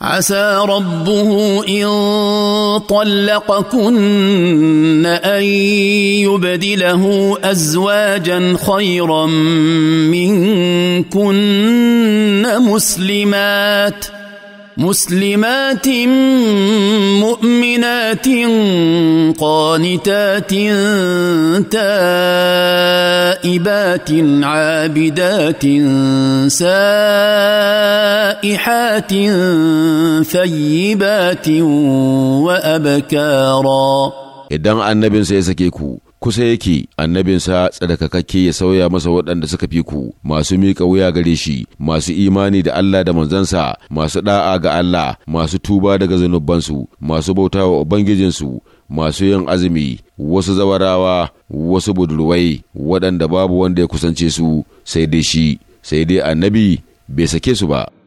عسى ربه إن طلقكن أن يبدله أزواجا خيرا منكن مسلمات مسلمات مؤمنات قانتات تائبات عابدات سائرات رائحات ثيبات وأبكارا idan annabinsa ya sake ku kusa yake annabinsa tsarkakakke ya sauya masa waɗanda suka fi ku masu miƙa wuya gare shi masu imani da Allah da manzansa masu ɗa'a ga Allah masu tuba daga zunubansu masu bauta wa ubangijinsu masu yin azumi wasu zawarawa wasu budurwai waɗanda babu wanda ya kusance su sai dai shi sai dai annabi bai sake su ba